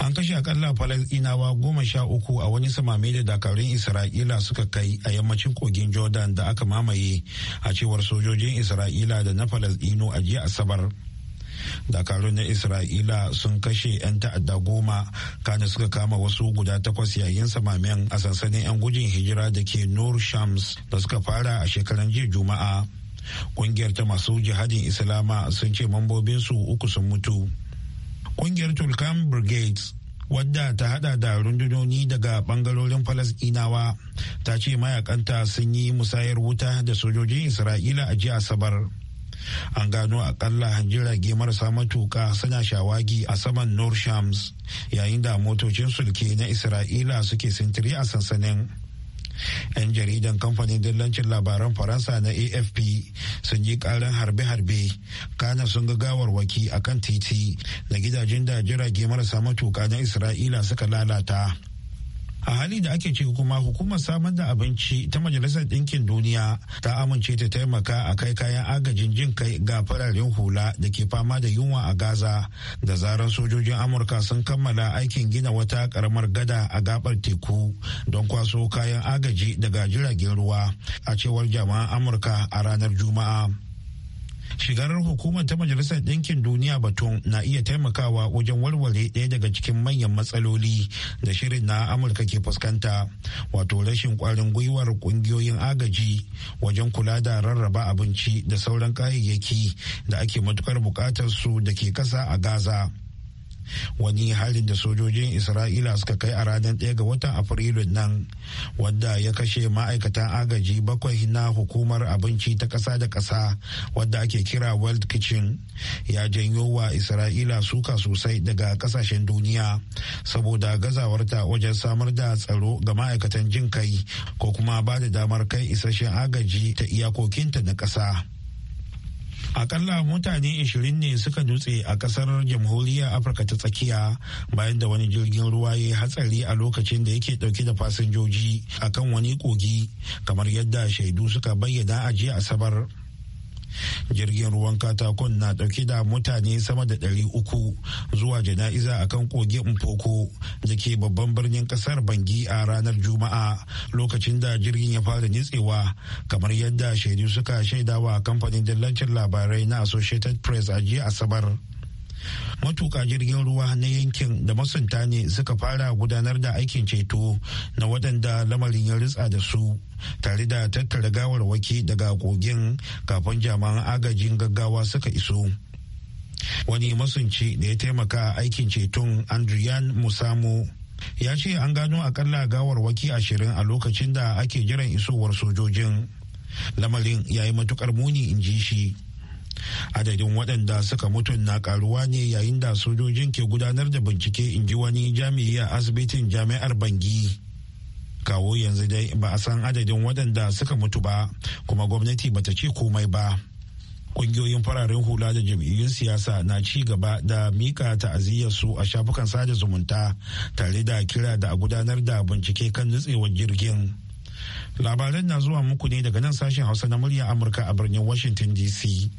an kashe akalla falasɗinawa goma sha uku a wani samame da dakarun isra'ila suka kai a yammacin kogin jordan da aka mamaye a cewar sojojin isra'ila da na falasɗino a jiya asabar dakarun na isra'ila sun kashe 'yan ta'adda goma kana suka kama wasu guda takwas yayin samamen a sansanin 'yan gujin hijira da ke nur shams da suka fara a shekaran jiya juma'a kungiyar ta masu jihadin islama sun ce mambobinsu uku sun mutu kungiyar tulkan brigades wadda ta hada da rundunoni daga bangarorin falasdinawa ta ce mayakanta sun yi musayar wuta da sojojin isra'ila a jiya asabar an gano akalla jirage marasa matuka suna shawagi a saman north shams yayin da motocin sulke na isra'ila suke sintiri a sansanin 'yan jaridan kamfanin dillancin labaran faransa na afp sun yi karin harbe-harbe kana sun ga gawarwaki a kan titi na gidajen da jirage marasa matuƙa na isra'ila suka lalata a hali da ake ce kuma hukumar samar da abinci ta majalisar ɗinkin duniya ta amince ta taimaka a kai kayan agajin jin kai ga fararen hula da ke fama da yunwa a gaza da zarar sojojin amurka sun kammala aikin gina wata karamar gada a gabar teku don kwaso kayan agaji daga jiragen ruwa a cewar jama'an amurka a ranar juma'a shigarar hukumar ta majalisar ɗinkin duniya batun na iya taimakawa wajen warware ɗaya daga cikin manyan matsaloli da shirin na amurka ke fuskanta wato rashin ƙwarin gwiwar ƙungiyoyin agaji wajen kula da rarraba abinci da sauran kayayyaki da ake matukar buƙatar su da ke ƙasa a gaza wani halin da sojojin isra'ila suka kai a ranar 1 ga watan afrilun nan wadda ya kashe ma'aikatan agaji bakwai na hukumar abinci ta ƙasa da ƙasa wadda ake kira world kitchen ya janyo wa isra'ila suka sosai daga ƙasashen duniya saboda gazawarta wajen samar da tsaro ga ma'aikatan jin kai ko kuma ba da damar kai isasshen agaji ta iyakokinta na ƙasa akalla mutane 20 ne suka dutse a kasar jamhuriyar afirka ta tsakiya bayan da wani jirgin ruwa ya hatsari a lokacin da yake dauke da fasinjoji akan wani kogi kamar yadda shaidu suka bayyana a jiya asabar jirgin ruwan katakon na dauke da mutane sama da ɗari uku zuwa jana'iza a kan kogi mpoko da ke babban birnin kasar bangi a ranar juma'a lokacin da jirgin ya fara nitsewa kamar yadda shaidu suka shaidawa kamfanin dillancin labarai na associated press a jiya asabar matuƙa jirgin ruwa na yankin da masunta ne suka fara gudanar da aikin ceto na waɗanda lamarin ya ritsa da su tare da tattara gawarwaki daga kogin kafin jami'an agajin gaggawa suka iso wani masunci da ya taimaka aikin ceton andrian musamo ya ce an gano akalla gawarwaki ashirin a lokacin da ake jiran isowar sojojin lamarin ya yi matukar muni in ji shi adadin waɗanda suka mutu na karuwa ne yayin da sojojin ke gudanar da bincike in ji wani jami'i a asibitin jami'ar bangi kawo yanzu dai ba a san adadin waɗanda suka mutu ba kuma gwamnati bata ce komai ba Ƙungiyoyin fararen hula da jam'iyyun siyasa na ci gaba da mika ta'aziyyarsu a shafukan sada zumunta tare da kira da a gudanar da bincike kan nutsewar jirgin labaran na zuwa muku ne daga nan sashen hausa na murya amurka a birnin washington dc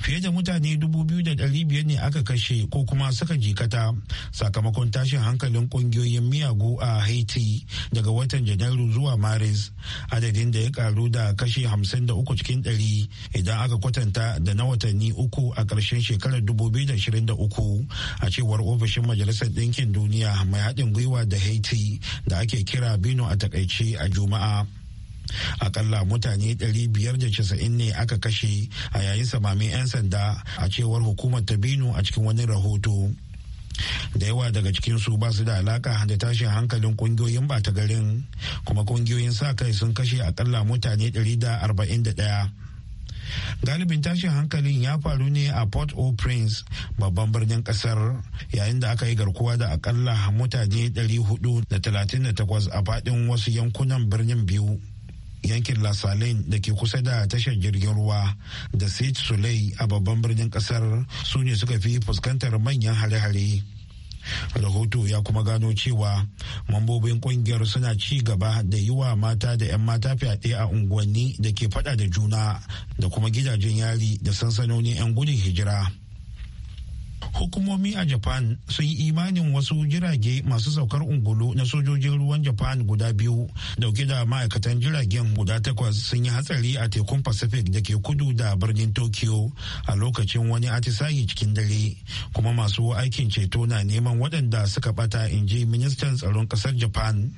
fiye da mutane 2,500 ne aka kashe ko kuma suka jikata sakamakon tashin hankalin kungiyoyin miyagu a haiti daga watan janairu zuwa maris adadin da ya karu da kashe 53 cikin 100 idan aka kwatanta da na watanni uku a ƙarshen shekarar 2023 a cewar ofishin majalisar ɗinkin duniya mai haɗin gwiwa da haiti da ake kira bino a takaice a juma'a akalla mutane 590 ne aka kashe a yayin samamin 'yan sanda a cewar hukumar ta binu a cikin wani rahoto da yawa daga cikinsu ba su da alaka da tashin hankalin kungiyoyin bata garin kuma kungiyoyin sa kai sun kashe akalla mutane 141 galibin tashin hankalin ya faru ne a port au prince babban birnin kasar yayin da aka yi garkuwa da akalla mutane 438 a faɗin wasu yankunan birnin biyu yankin lasalin da ke kusa da tashar jirgin ruwa da sit sulai a babban birnin kasar su ne suka fi fuskantar manyan hare-hare rahoto ya kuma gano cewa mambobin kungiyar suna ci gaba da yi wa mata da 'yan mata fyaɗe a unguwanni da ke fada da juna da kuma gidajen yari da sansanonin 'yan gudun hijira hukumomi a japan sun yi imanin wasu jirage masu saukar ungulu na sojojin ruwan japan guda biyu dauke da ma'aikatan jiragen guda takwas sun yi hatsari a tekun pacific da ke kudu da birnin tokyo a lokacin wani atisayi cikin dare kuma masu aikin ceto na neman waɗanda suka bata in ji ministan tsaron ƙasar japan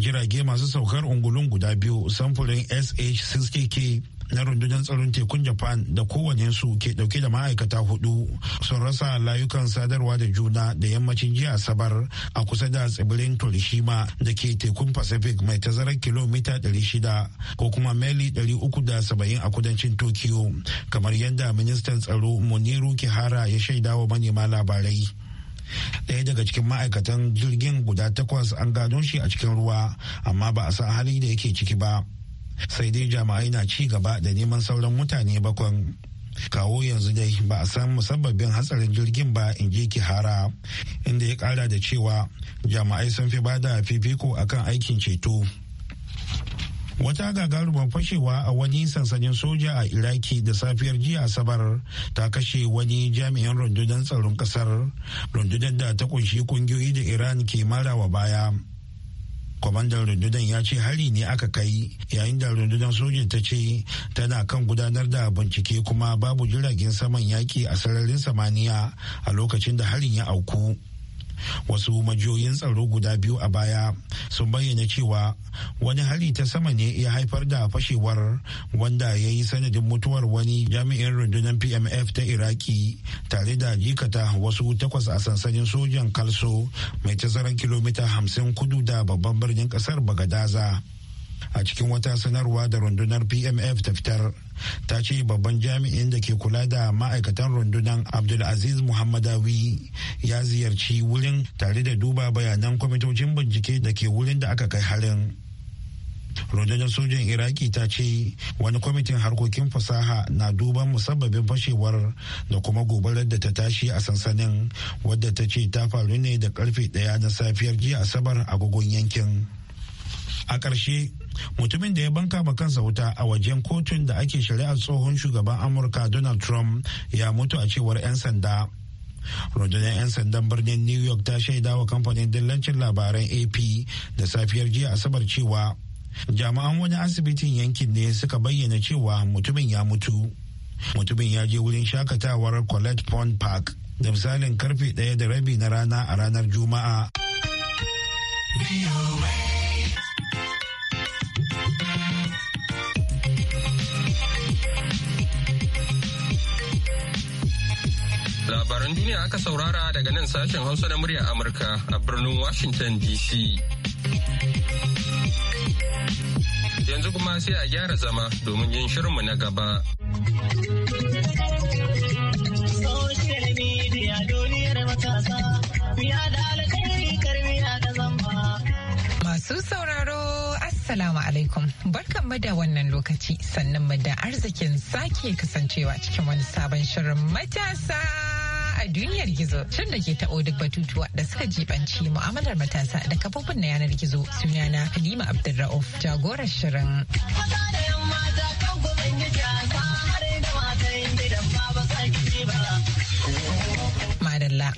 jirage masu saukar ungulun guda biyu samfurin sh 60k na rundunar tsaron tekun japan da kowane su ke dauke da ma'aikata hudu sun rasa layukan sadarwa da juna da yammacin jiya asabar a kusa da tsibirin torishima da ke tekun pacific mai tazarar kilomita 600 ko kuma meli 370 a kudancin tokyo kamar yadda ministan tsaro muniru kihara ya shaidawa manema labarai daya daga cikin ma'aikatan jirgin guda takwas an gano shi a cikin ruwa amma ba a san hali da yake ciki ba sai dai jama'ai na ci gaba da neman sauran mutane bakwan kawo yanzu dai ba a san musabbabin hatsarin jirgin ba in je ji hara. inda ya kara da cewa jama'ai sun fi bada fifiko akan aikin ceto wata gagarumar fashewa a wani sansanin soja a iraki da safiyar jiya asabar ta kashe wani jami'in rundunar tsaron kasar rundunar da ta kunshi kungiyoyi da iran ke mara wa baya kwamandan rundunar ya ce hari ne aka kai yayin da rundunar sojin ta ce tana kan gudanar da bincike kuma babu jiragen saman yaƙi a sararin samaniya a lokacin da harin ya auku wasu majiyoyin tsaro guda biyu a baya sun bayyana cewa wani hali ta sama ne ya haifar da fashewar wanda ya yi sanadin mutuwar wani jami'in rundunar pmf ta iraki tare da jikata wasu takwas a sansanin sojan kalso mai tazaran kilomita 50 kudu da babban birnin kasar bagadaza a cikin wata sanarwa da rundunar pmf ta fitar ta ce babban jami'in da ke kula da ma'aikatan rundunar abdulaziz muhammadawi ya ziyarci wurin tare da duba bayanan kwamitocin bincike da ke wurin da aka kai harin rundunar sojan iraki ta ce wani kwamitin harkokin fasaha na duban musabbabin fashewar da kuma gobarar da ta tashi a sansanin wadda ta ce ta faru ne da karfe daya na safiyar jiya asabar agogon yankin a ƙarshe mutumin da ya banka ma kansa wuta a wajen kotun da ake shari'ar tsohon shugaban amurka donald trump ya mutu a cewar 'yan sanda rundunar 'yan sandan birnin new york ta shaida wa kamfanin dillancin labaran ap da safiyar jiya asabar cewa jami'an wani asibitin yankin ne suka bayyana cewa mutumin ya mutu mutumin ya je wurin shakatawar colette pond park da misalin karfe ɗaya da rabi na rana a ranar juma'a. duniya aka saurara daga nan sashen Hausa na murya Amurka a birnin Washington DC. Yanzu kuma sai a gyara zama domin yin shirinmu na gaba. Masu sauraro Assalamu alaikum barkan da wannan lokaci sannan da arzikin sake kasancewa cikin wani sabon shirin matasa. a duniyar gizo tun da ke taɓo duk batutuwa da suka jibanci mu'amalar matasa da kafofin na yanar gizo sunana Halima Abdulra'uf jagorar shirin.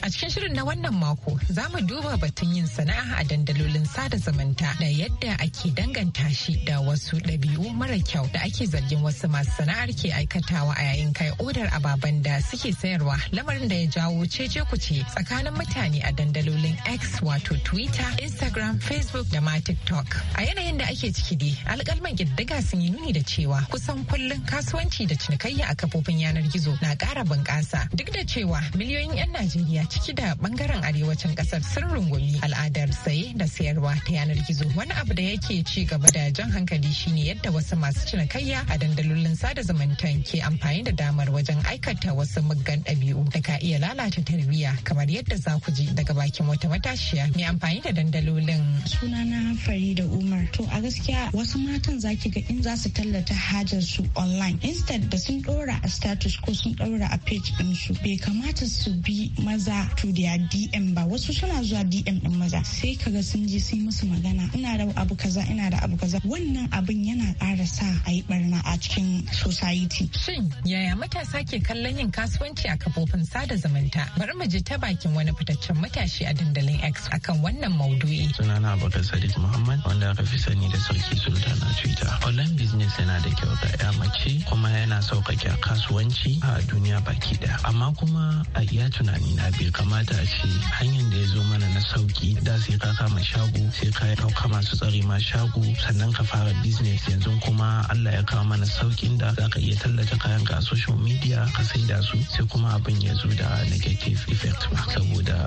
A cikin shirin na wannan mako za mu duba batun yin sana'a a dandalolin sada zumunta da yadda ake danganta shi da wasu ɗabi'u mara kyau da ake zargin wasu masu sana'ar ke aikatawa a yayin kai odar ababen da suke sayarwa lamarin da ya jawo cece kuce tsakanin mutane a dandalolin X wato Twitter, Instagram, Facebook da ma TikTok. A yanayin da ake ciki dai alƙalman ƙiddiga sun yi nuni da cewa kusan kullum kasuwanci da cinikayya a kafofin yanar gizo na ƙara bunƙasa duk da cewa miliyoyin 'yan Najeriya ciki da bangaren arewacin kasar sun rungumi al'adar saye da sayarwa ta yanar gizo wani abu da yake ci gaba da jan hankali shine yadda wasu masu cinikayya a dandalolin sada zumunta ke amfani da damar wajen aikata wasu muggan ɗabi'u da ka iya lalata tarbiyya kamar yadda za ku ji daga bakin wata matashiya mai amfani da dandalolin. Sunana da Umar. To a gaskiya wasu matan zaki ga in za su tallata hajar su online instead da sun ɗora a status ko sun ɗora a page ɗinsu bai kamata su bi maza yara to da DM ba wasu suna zuwa DM din maza sai kaga sun je sun musu magana ina da abu kaza ina da abu kaza wannan abin yana ƙara sa a yi barna a cikin society. Shin yaya matasa ke kallon yin kasuwanci a kafofin sada zumunta? Bari mu ji ta bakin wani fitaccen matashi a dandalin X akan wannan maudu'i. Sunana Abubakar Sadiq Muhammad wanda aka fi sani da Sarki Sultan a Twitter. Online business yana da kyau ga ya mace kuma yana sauƙaƙe kasuwanci a duniya baki ɗaya. Amma kuma a iya tunani na biyu bai kamata a ce hanyar da ya zo mana na sauki da sai ka kama shago sai ka ɗauka masu tsare ma shago sannan ka fara business yanzu kuma Allah ya kawo mana saukin da za ka iya tallata kayan ka a social media ka sai da su sai kuma abin ya zo da negative effect ba saboda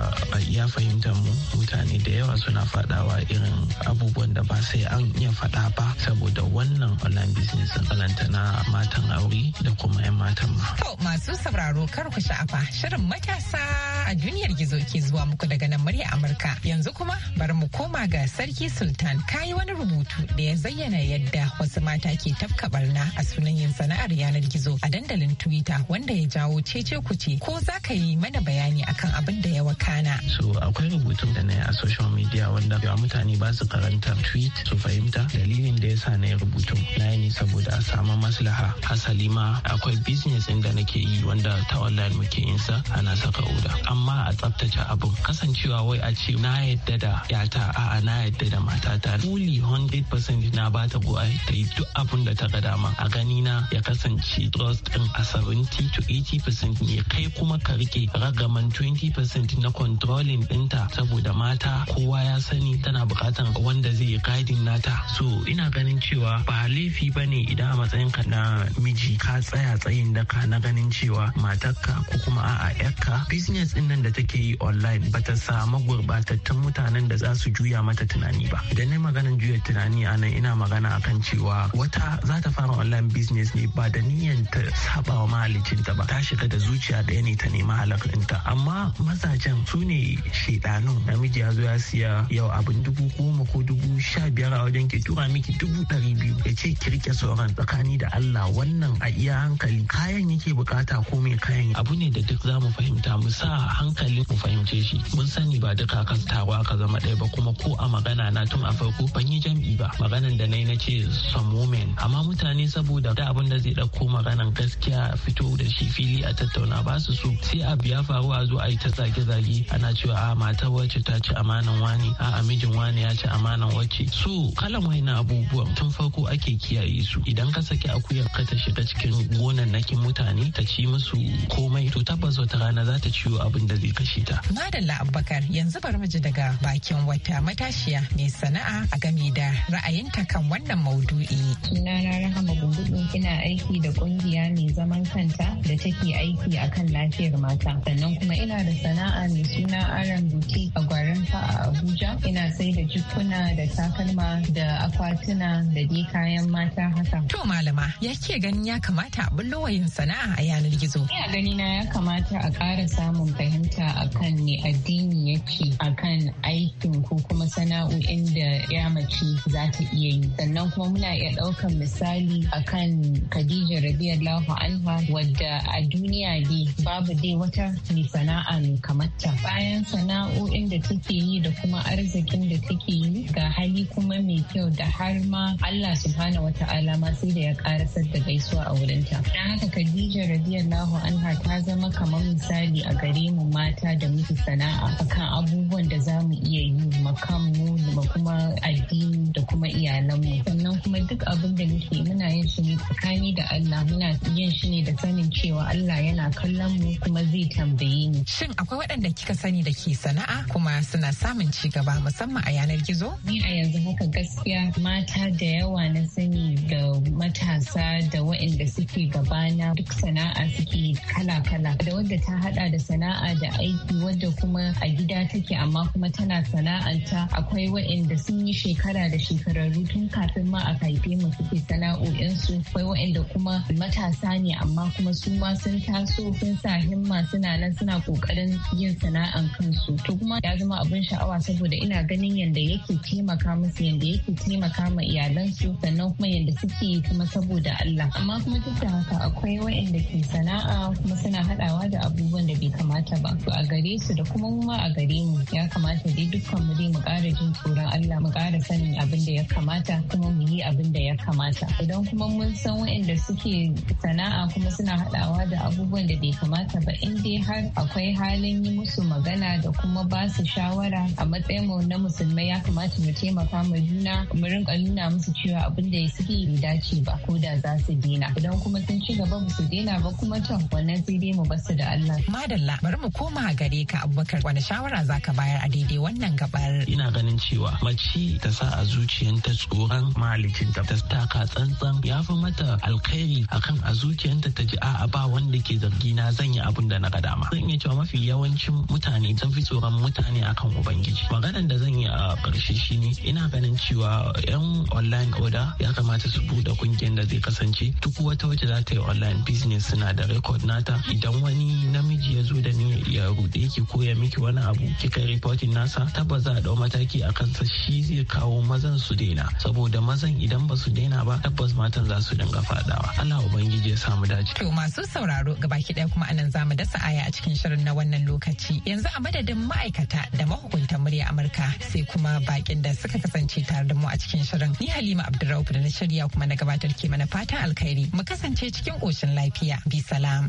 ya fahimta mu mutane da yawa suna fadawa irin abubuwan da ba sai an iya faɗa ba saboda wannan online business kalanta na matan aure da kuma 'yan matan ma. masu sauraro kar ku sha'afa shirin matasa a duniyar gizo ke zuwa muku daga nan murya Amurka. Yanzu kuma bari mu koma ga Sarki Sultan kayi wani rubutu da ya zayyana yadda wasu mata ke tafka barna a sunan yin sana'ar yanar gizo a dandalin Twitter wanda ya jawo cece kuce ko za ka yi mana bayani akan abin da ya wakana. So akwai rubutun da na yi a social media wanda yawa mutane ba su karanta tweet su fahimta dalilin da ya sa na yi rubutun. Na yi saboda a samu maslaha hasali ma akwai business ɗin da nake yi wanda ta online muke yin sa ana saka oda. amma a tsabtace abin kasancewa wai a ce na yadda da yata a na yadda da matata fully 100% na bata go ta yi duk abun da ta ga dama a gani na ya kasance trust din a 70 to 80% ne kai kuma ka rike ragaman 20% na controlling dinta saboda mata kowa ya sani tana bukatan wanda zai guiding nata so ina ganin cewa ba laifi ba ne idan a matsayinka na miji ka tsaya tsayin daka na ganin cewa matarka ko kuma a'a yarka business din nan da take yi online ba ta samu gurbatattun mutanen da za su juya mata tunani ba idan na maganar juya tunani a nan ina magana akan cewa wata za ta fara online business ne ba da niyyar ta saba wa mahalicinta ba ta shiga da zuciya ɗaya ne ta nema halakinta amma mazajen su ne shaidanun namiji ya zo ya siya yau abin dubu goma ko dubu sha biyar a wajen ke tura miki dubu ɗari biyu ya ce kirke sauran tsakani da Allah wannan a iya hankali kayan yake bukata ko mai kayan abu ne da duk za mu fahimta mu sa hankali ku fahimce shi mun sani ba duka kan tawa ka zama ɗaya ba kuma ko a magana na tun a farko ban yi jam'i ba maganan da nayi na ce some women amma mutane saboda da abin da zai ɗauko maganan gaskiya fito da shi fili a tattauna ba su so sai abu ya faru a zo a yi ta zage-zage ana cewa a ah, mata wacce ta ci amanan wani ah, a mijin wani ya ci amanan wacce so kalan na abubuwan tun farko ake kiyaye su idan ka saki akuyar ka ta shiga cikin gonan nakin mutane ta ci musu komai to tabbas wata rana za ta ciwo abu abin da zai kashe ta. Madalla Abubakar yanzu bari mu ji daga bakin wata matashiya mai sana'a a game da ra'ayinta kan wannan maudu'i. Sunana Rahama Gungudu ina aiki da kungiya mai zaman kanta da take aiki akan lafiyar mata. Sannan kuma ina da sana'a mai suna Aran Buti a gwarin a Abuja. Ina sai da jikuna da takalma da akwatuna da dai kayan mata haka. To malama ya ke ganin ya kamata a yin sana'a a yanar gizo. Ina ganina ya kamata a ƙara samun kai fahimta akan ne addini yake akan aikin ko kuma sana'o'in da ya mace za ta iya yi sannan kuma muna iya ɗaukan misali akan khadija radiyallahu anha wadda a duniya ne babu dai wata mai sana'a mai kamata bayan sana'o'in da take yi da kuma arzikin da take yi ga hali kuma mai kyau da har ma Allah subhanahu wata ma sai da ya karasar da gaisuwa a wurinta. Dan haka Khadija radiyallahu anha ta zama kamar misali a gare mu samun mata da muke sana'a akan abubuwan da za mu iya yi makanmu da kuma addini da kuma iyalanmu sannan kuma duk abin da muke muna yin shi ne tsakani da Allah muna yin shi ne da sanin cewa Allah yana kallon mu kuma zai tambaye ni. shin akwai waɗanda kika sani da ke sana'a kuma suna samun ci gaba musamman a yanar gizo ni a yanzu haka gaskiya mata da yawa na sani da matasa da waɗanda suke gabana duk sana'a suke kala-kala da wadda ta hada da sana'a da aiki wadda kuma a gida take amma kuma tana sana'anta akwai waɗanda sun yi shekara da shekararru tun kafin ma a haife mu suke sana'o'insu akwai waɗanda kuma matasa ne amma kuma su ma sun taso sun sa himma suna nan suna kokarin yin sana'an kansu to kuma ya zama abin sha'awa saboda ina ganin yadda yake taimaka musu yadda yake taimaka ma iyalansu sannan kuma yadda suke kuma saboda Allah amma kuma duk da haka akwai waɗanda ke sana'a kuma suna haɗawa da abubuwan da bai kamata daban a gare su da kuma mu a gare mu ya kamata dai dukkan mu dai mu ƙara jin tsoron Allah mu ƙara sanin abin da ya kamata kuma mu yi abin da ya kamata idan kuma mun san waɗanda suke sana'a kuma suna haɗawa da abubuwan da bai kamata ba in dai har akwai halin yi musu magana da kuma ba su shawara a matsayin mu na musulmai ya kamata mu taimaka ma juna mu rinka nuna musu cewa abin da suke yi dace ba ko da za su dena idan kuma sun ci gaba ba su dena ba kuma can wannan sai dai mu basu da Allah madalla bari mu koma gare ka Abubakar wani shawara zaka bayar a daidai wannan gabar. Ina ganin cewa mace ta sa a zuciyanta tsoron mahalicinta ta taka tsantsan ya fi mata alkhairi akan a zuciyanta ta ji a'a ba wanda ke zargi na zan yi abun da na ga dama. Zan iya cewa mafi yawancin mutane sun fi tsoron mutane akan ubangiji. Maganar da zan yi a shi shine ina ganin cewa 'yan online order ya kamata su buɗe kungiyar da zai kasance duk wata wacce za ta yi online business suna da record nata idan wani namiji ya zo da ni ya yaro da yake koya miki wani abu kika reporting nasa tabbas za a dau mataki a kansa shi zai kawo mazan su daina saboda mazan idan ba su daina ba tabbas matan za su dinga fadawa Allah ubangiji ya samu dace to masu sauraro gabaki ɗaya kuma anan zamu dasa aya a cikin shirin na wannan lokaci yanzu a madadin ma'aikata da mahukuntan murya Amurka sai kuma bakin da suka kasance tare da mu a cikin shirin ni Halima Abdurrauf da na shirya kuma na gabatar ke mana fatan alkhairi mu kasance cikin koshin lafiya bi salam.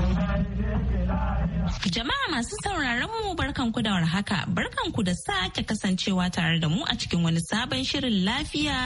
Jama'a masu sauraron mu barkanku da warhaka, barkanku da sake kasancewa tare da mu a cikin wani sabon shirin lafiya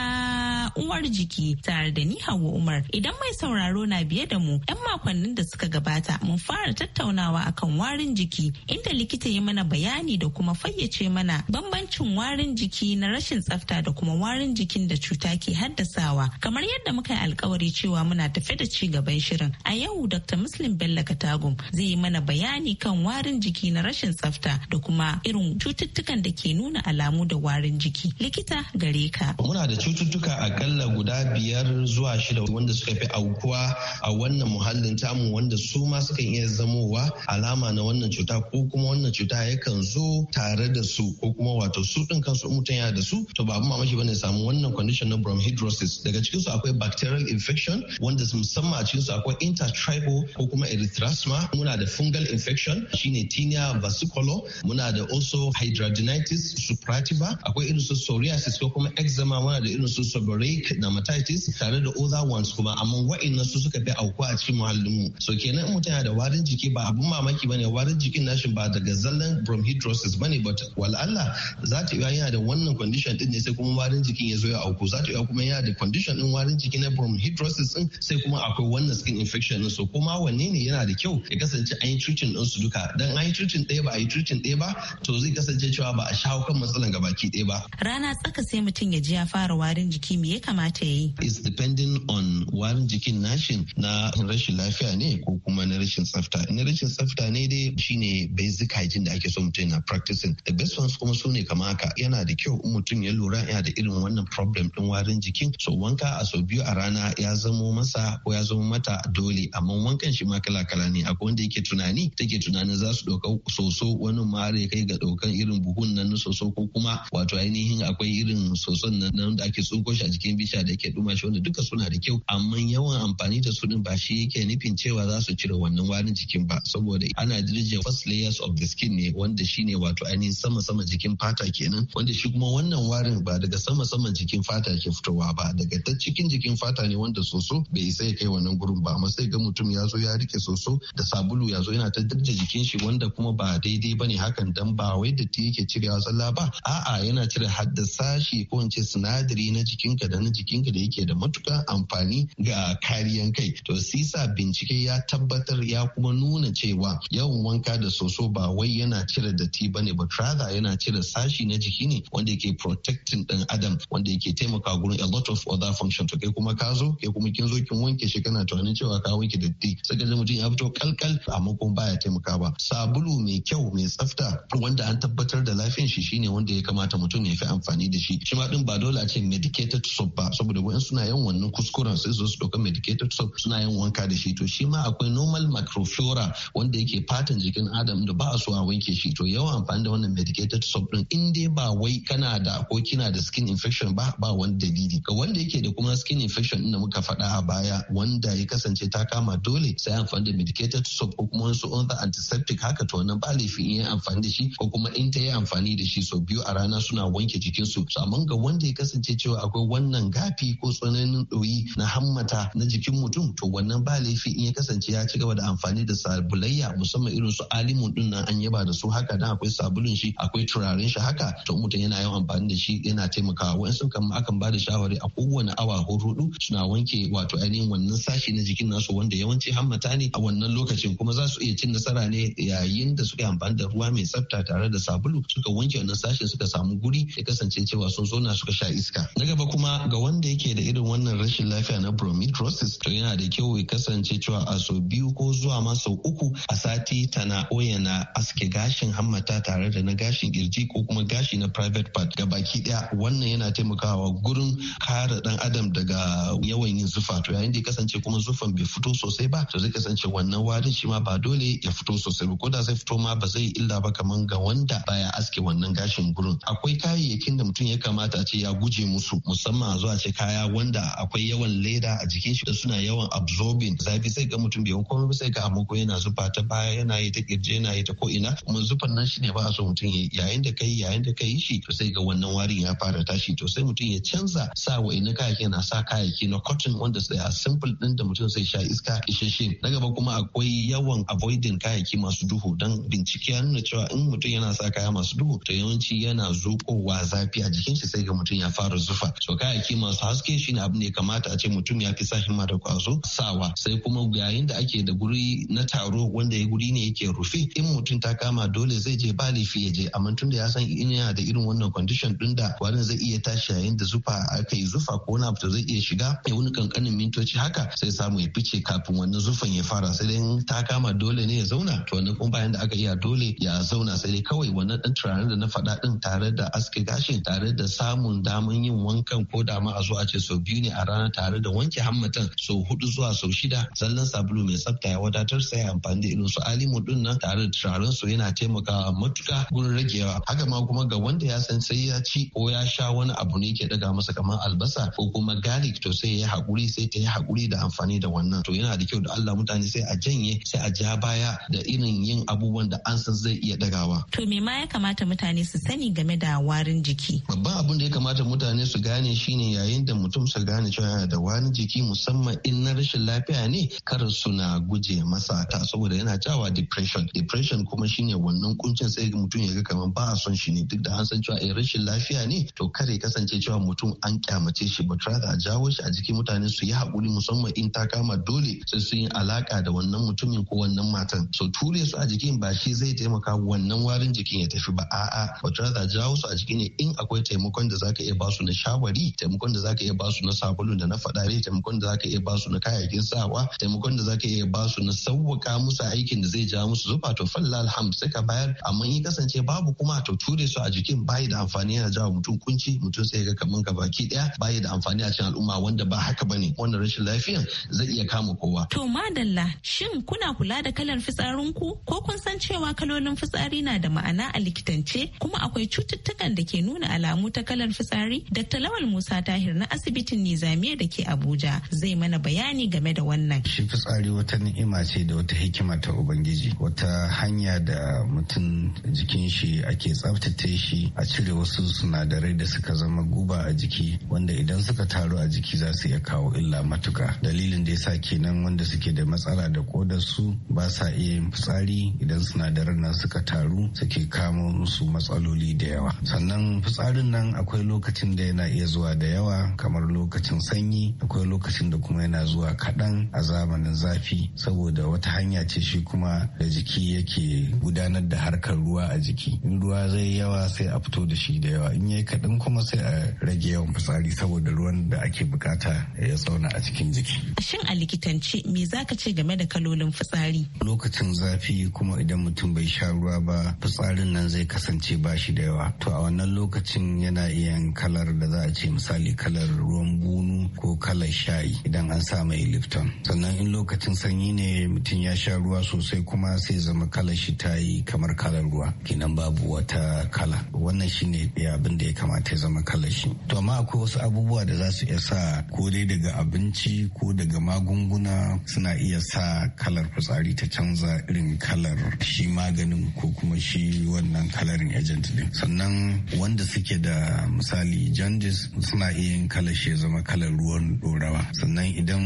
uwar jiki tare da ni Hauwa Umar. Idan mai sauraro na biye da mu, 'yan makonnin da suka gabata mun fara tattaunawa akan warin jiki inda likita ya mana bayani da kuma fayyace mana bambancin warin jiki na rashin tsafta da kuma warin jikin da cuta ke haddasawa. Kamar yadda muka yi alkawari cewa muna tafe da ci gaban shirin, a yau Dr. Muslim Bello Katagum zai yi mana bayani Kan warin jiki na rashin tsafta da kuma irin cututtukan da ke nuna alamu da warin jiki likita gare ka muna da cututtuka akalla guda biyar zuwa shida wanda suka fi aukuwa a wannan muhallin tamu wanda su ma suka iya zamowa alama na wannan cuta ko kuma wannan cuta yakan zo tare da su ko kuma wato su din kansu mutum yana da su to ba mu mamaki bane samu wannan condition na bronchidrosis daga cikin su akwai bacterial infection wanda musamman a cikin su akwai intertribal ko kuma erythrasma muna da fungal infection cutar shine tinea vasicolor muna da also hidradenitis suprativa akwai irin su psoriasis ko kuma eczema muna da irin su seborrheic dermatitis tare da other ones kuma amma wa'annan su suka fi auku a cikin muhallin mu. so kenan in mutum yana da warin jiki ba abun mamaki bane warin jikin nashi ba daga zallan bronchitis bane but wal'alla za ta iya yana da wannan condition din ne sai kuma warin jikin ya zo ya auku za ta iya kuma yana da condition din warin jiki na bronchitis din sai kuma akwai wannan skin infection din so kuma wanne ne yana da kyau ya kasance an yi treating din su duka dan an yi turcin ɗaya ba a yi turcin ɗaya ba to zai kasance cewa ba a shawo kan matsalan baki ɗaya ba rana tsaka sai mutum ya ji ya fara warin jiki me ya kamata ya yi is depending on warin jikin nashin na rashin lafiya ne ko kuma na rashin tsafta na rashin tsafta ne dai shine basic hygiene da ake so mutum yana practicing the best ones kuma su ne kama haka yana da kyau in mutum ya lura yana da irin wannan problem din warin jikin so wanka a sau biyu a rana ya zamo masa ko ya zamo mata dole amma wankan shi ma kala kala ne akwai wanda yake tunani take tunanin za su ɗauka soso wani ma ya kai ga ɗaukan irin buhun nan na soso ko kuma wato ainihin akwai irin soson nan da ake tsunko shi a jikin bisha da yake duma shi wanda duka suna da kyau amma yawan amfani da su din ba shi yake nufin cewa za su cire wannan warin jikin ba saboda ana dirje first layers of the skin ne wanda shine wato ainihin sama sama jikin fata kenan wanda shi kuma wannan warin ba daga sama sama jikin fata ke fitowa ba daga ta cikin jikin fata ne wanda soso bai isa ya kai wannan gurin ba amma sai ga mutum ya zo ya rike soso da sabulu ya zo yana ta dirje jikin shi wanda kuma ba daidai ba ne hakan dan ba wai datti yake a tsalla ba a'a yana cire haddasa shi ko in ce sinadari na jikinka da na jikinka da yake da matuka amfani ga kariyan kai to sisa bincike ya tabbatar ya kuma nuna cewa yawan wanka da soso ba wai yana cire datti ba ne but rather yana cire sashi na jiki ne wanda yake protecting ɗan adam wanda yake taimaka gurin a lot of other function to kai kuma ka zo kai kuma kin zo kin wanke shi kana tunanin cewa ka wanke datti sai ga mutum ya fito kalkal amma kuma baya taimaka taimaka ba sabulu mai kyau mai tsafta wanda an tabbatar da lafiyan shi shine wanda ya kamata mutum ya fi amfani da shi shi ma din ba dole a ce medicated soap ba saboda wayan suna yin wannan kuskuren sai su dauka medicated soap suna yin wanka da shi to shi ma akwai normal microflora wanda yake fatan jikin adam da ba a so a wanke shi to yawan amfani da wannan medicated soap din in dai ba wai kana da ko kina da skin infection ba ba wani dalili ga wanda yake da kuma skin infection din da muka faɗa a baya wanda ya kasance ta kama dole sai amfani da medicated soap ko kuma wasu other antiseptic haka to wannan ba laifin in yi amfani da shi ko kuma in ta yi amfani da shi sau biyu a rana suna wanke jikin su amma ga wanda ya kasance cewa akwai wannan gafi ko tsananin ɗoyi na hammata na jikin mutum to wannan ba laifin in ya kasance ya ci gaba da amfani da sabulayya musamman irin su alimun din nan an yaba da su haka dan akwai sabulun shi akwai turaren shi haka to mutum yana yawan amfani da shi yana taimakawa sun kan akan ba da shawari a kowane awa hudu suna wanke wato ainihin wannan sashi na jikin nasu wanda yawanci hammata ne a wannan lokacin kuma za su iya cin nasara mutane yayin da suka yi amfani da ruwa mai tsafta tare da sabulu suka wanke wannan sashen suka samu guri ya kasance cewa sun zo na suka sha iska na gaba kuma ga wanda yake da irin wannan rashin lafiya na bromidrosis to yana da kyau ya kasance cewa a sau biyu ko zuwa ma sau uku a sati tana oyana aske gashin hammata tare da na gashin kirji ko kuma gashi na private part ga baki daya wannan yana taimakawa gurin kare dan adam daga yawan yin zufa to yayin da ya kasance kuma zufan bai fito sosai ba to zai kasance wannan wadin shi ma ba dole ya fito sosai ba ko da zai fito ma ba zai illa ba kaman ga wanda baya aske wannan gashin gurin akwai kayayyakin da mutum ya kamata ce ya guje musu musamman a zuwa ce kaya wanda akwai yawan leda a jikin shi da suna yawan absorbing zafi sai ga mutum bai komai sai ga amma ko yana zuba ta baya yana yi ta kirje yana yi ta ko ina kuma zufan nan shi ne ba a so mutum ya yayin da kai yayin da kai shi to sai ga wannan warin ya fara tashi to sai mutum ya canza sa wa ina kayayyaki na sa kayayyaki na cotton wanda sai a simple din da mutum sai sha iska isasshe na gaba kuma akwai yawan avoiding kayayyaki kayaki masu duhu don bincike ya nuna cewa in mutum yana sa kaya masu duhu to yawanci yana zokowa zafi a jikin shi sai ga mutum ya fara zufa so kayaki masu haske shi ne abu ne kamata a ce mutum ya fi sa himma da kwazo sawa sai kuma yayin da ake da guri na taro wanda ya guri ne yake rufe in mutum ta kama dole zai je ba laifi ya je amma tun da ya san in yana da irin wannan condition din da wani zai iya tashi yayin da zufa aka yi zufa ko wani abu zai iya shiga ya wani kankanin mintoci haka sai samu ya fice kafin wannan zufan ya fara sai dai ta kama dole ne ya zauna zauna to wannan kuma bayan da aka iya dole ya zauna sai dai kawai wannan dan turaren da na faɗa din tare da aske gashin tare da samun damar yin wankan ko da ma a zo a ce sau biyu ne a rana tare da wanke hammatan sau hudu zuwa sau shida zallan sabulu mai tsafta ya wadatar sai amfani da irin su alimu din nan tare da turaren su yana taimakawa matuka gurin ragewa haka ma kuma ga wanda ya san sai ya ci ko ya sha wani abu ne ke daga masa kamar albasa ko kuma garlic to sai ya yi haƙuri sai ta yi haƙuri da amfani da wannan to yana da kyau da Allah mutane sai a janye sai a ja baya da irin yin abubuwan da an san zai iya dagawa. To me ma ya kamata mutane su sani game da warin jiki? Babban abin da ya kamata mutane su gane shine yayin da mutum su gane cewa yana da warin jiki musamman in na rashin lafiya ne kar na guje masa ta saboda yana jawa depression. Depression kuma shine wannan kuncin sai mutum ya ga kamar ba a son shi ne duk da an san cewa eh, rashin lafiya ne to kare kasance cewa mutum an kyamace shi ba tare da jawo shi a jiki mutane su yi haƙuri musamman in ta kama dole sai sun yi alaka da wannan mutumin ko wannan matan. So so ture su a jikin ba shi zai taimaka wannan warin jikin ya tafi ba a'a wato za jawo su a jiki ne in akwai taimakon da zaka iya ba su na shawari taimakon da zaka iya ba su na sabulu da na fadare taimakon da zaka iya ba su na kayayyakin sawa taimakon da zaka iya ba su na sauwaka musu aikin da zai ja musu zufa to falla alham sai ka bayar amma in kasance babu kuma to ture su a jikin yi da amfani yana jawo mutum kunci mutum sai ga kaman ka baki daya yi da amfani a cikin al'umma wanda ba haka bane wannan rashin lafiyan zai iya kama kowa to madalla shin kuna kula da kalar fitsari fitsarinku ko kun san cewa kalolin fitsari na da ma'ana a likitance kuma akwai cututtukan da ke nuna alamu ta kalar fitsari dr lawal musa tahir na asibitin nizamiya da ke abuja zai mana bayani game da wannan shi fitsari wata ni'ima ce da wata hikima ta ubangiji wata hanya da mutum jikin shi ake tsaftace shi a cire wasu sinadarai da suka zama guba a jiki wanda idan suka taru a jiki za su iya kawo illa matuka dalilin da ya yasa kenan wanda suke da matsala da kodar su ba sa iya fitsari idan sinadaran nan suka taru suke kamo musu matsaloli da yawa sannan fitsarin nan akwai lokacin da yana iya zuwa da yawa kamar lokacin sanyi akwai lokacin da kuma yana zuwa kaɗan a zamanin zafi saboda wata hanya ce shi kuma da jiki yake gudanar da harkar ruwa a jiki in ruwa zai yawa sai a fito da shi da yawa in yayi kaɗan kuma sai a rage yawan fitsari saboda ruwan da ake bukata ya tsauna a cikin jiki shin a likitance me zaka ce game da kalolin fitsari lokacin zafi kuma idan mutum bai sha ruwa ba fitsarin nan zai kasance ba shi da yawa to a wannan lokacin yana iya kalar da za a ce misali kalar ruwan bunu ko kalar shayi idan an sa mai lifton sannan in lokacin sanyi ne mutum ya sha ruwa sosai kuma sai zama kalar shi ta yi kamar kalar ruwa kenan babu wata kala wannan shine abin da ya kamata ya zama kalar shi to amma akwai wasu abubuwa da za su iya sa ko dai daga abinci ko daga magunguna suna iya sa kalar fitsari ta canza irin kalar shi maganin ko kuma shi wannan kalarin agent din sannan wanda suke da misali jaundice suna iya yin kalar shi ya zama kalar ruwan dorawa sannan idan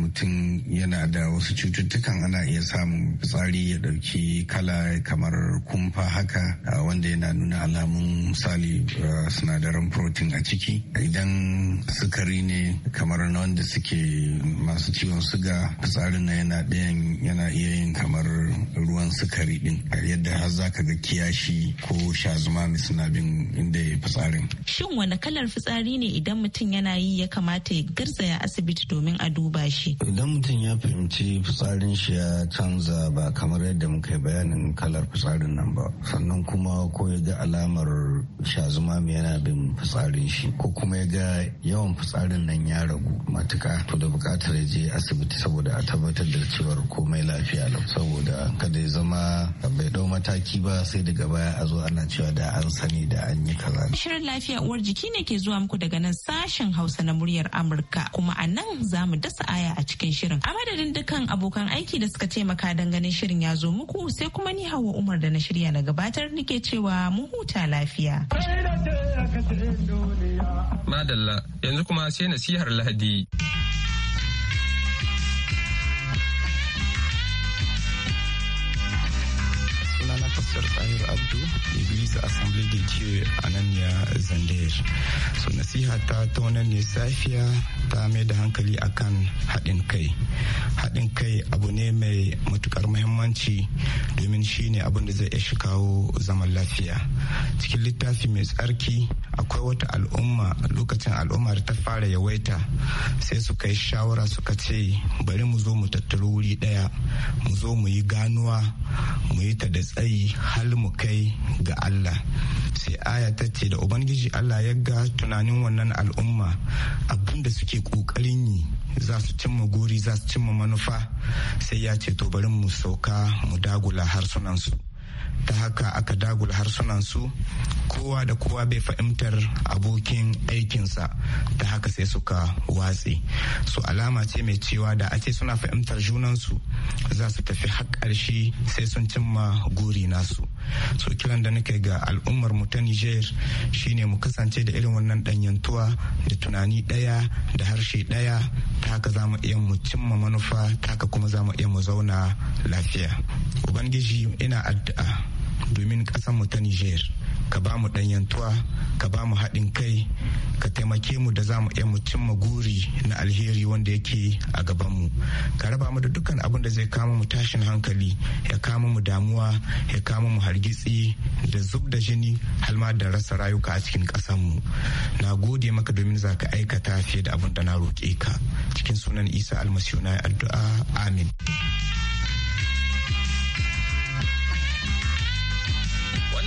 mutum yana da wasu cututtukan ana iya samun fitsari ya dauki kala kamar kumfa haka wanda yana nuna alamun misali sinadaran protein a ciki idan sukari ne kamar na wanda suke masu ciwon suga fitsarin na yana yana iya yin kamar ruwan sukari din yadda har za ka ga kiyashi ko shazumami suna bin inda ya fitsarin. Shin wani kalar fitsari ne idan mutum yana yi ya kamata ya garzaya asibiti domin a duba shi? Idan mutum ya fahimci fitsarin shi ya canza ba kamar yadda muka yi bayanin kalar fitsarin nan ba. Sannan kuma ko ya ga alamar mai yana bin fitsarin shi ko kuma ya ga yawan fitsarin nan ya ragu matuka to da buƙatar ya je asibiti saboda a tabbatar da cewar komai lafiya lau saboda da kada ya zama bai dau mataki ba sai daga baya a zo ana cewa da an sani da an yi kaza. Shirin lafiya uwar jiki ne ke zuwa muku daga nan sashen Hausa na muryar Amurka kuma a nan za mu dasa aya a cikin shirin. A madadin dukkan abokan aiki da suka taimaka don ganin shirin ya zo muku sai kuma ni Hauwa Umar da na shirya na gabatar nike cewa mu huta lafiya. Madalla yanzu kuma sai nasihar Lahadi. Nazir Abdu, Iblis Assembly de Dieu a nan ya Zandayar. So nasiha ta ta wannan ne safiya ta mai da hankali akan haɗin kai. Haɗin kai abu ne mai matukar muhimmanci domin shi ne abin da zai iya kawo zaman lafiya. Cikin littafi mai tsarki akwai wata al'umma lokacin al'ummar ta fara yawaita sai suka yi shawara suka ce bari mu zo mu tattaro wuri ɗaya mu zo mu yi ganuwa mu yi ta da tsayi hal mu kai ga Allah sai aya ta ce da ubangiji Allah ya ga tunanin wannan al'umma abinda suke kokarin yi za su cimma guri za su cimma manufa sai ya ce to bari mu sauka mu dagula harsunansu ta haka aka dagula harsunansu kowa da kowa bai fahimtar abokin aikinsa ta haka sai suka watse su alama ce mai cewa da ake suna fahimtar junansu za su tafi har ƙarshe sai sun cimma guri nasu su kiran da nake ga al'ummar mu ta niger shine mu kasance da irin wannan danyantuwa da tunani ɗaya da harshe ɗaya ta haka za mu iya mu cimma manufa ta haka kuma za mu iya mu zauna lafiya ubangiji ina addu'a domin ƙasar mu ta niger ka ba mu ɗanyantuwa ka ba mu haɗin kai ka taimake mu da za mu iya mu cimma guri na alheri wanda yake a gaban mu. ka raba mu da dukkan abin da zai kama mu tashin hankali ya kama mu damuwa ya kama mu hargitsi da zub da jini halma da rasa rayuka a cikin ƙasanmu na gode maka domin za ka aikata fiye da abin da na roƙe ka cikin sunan isa almasiyu na addu'a amin.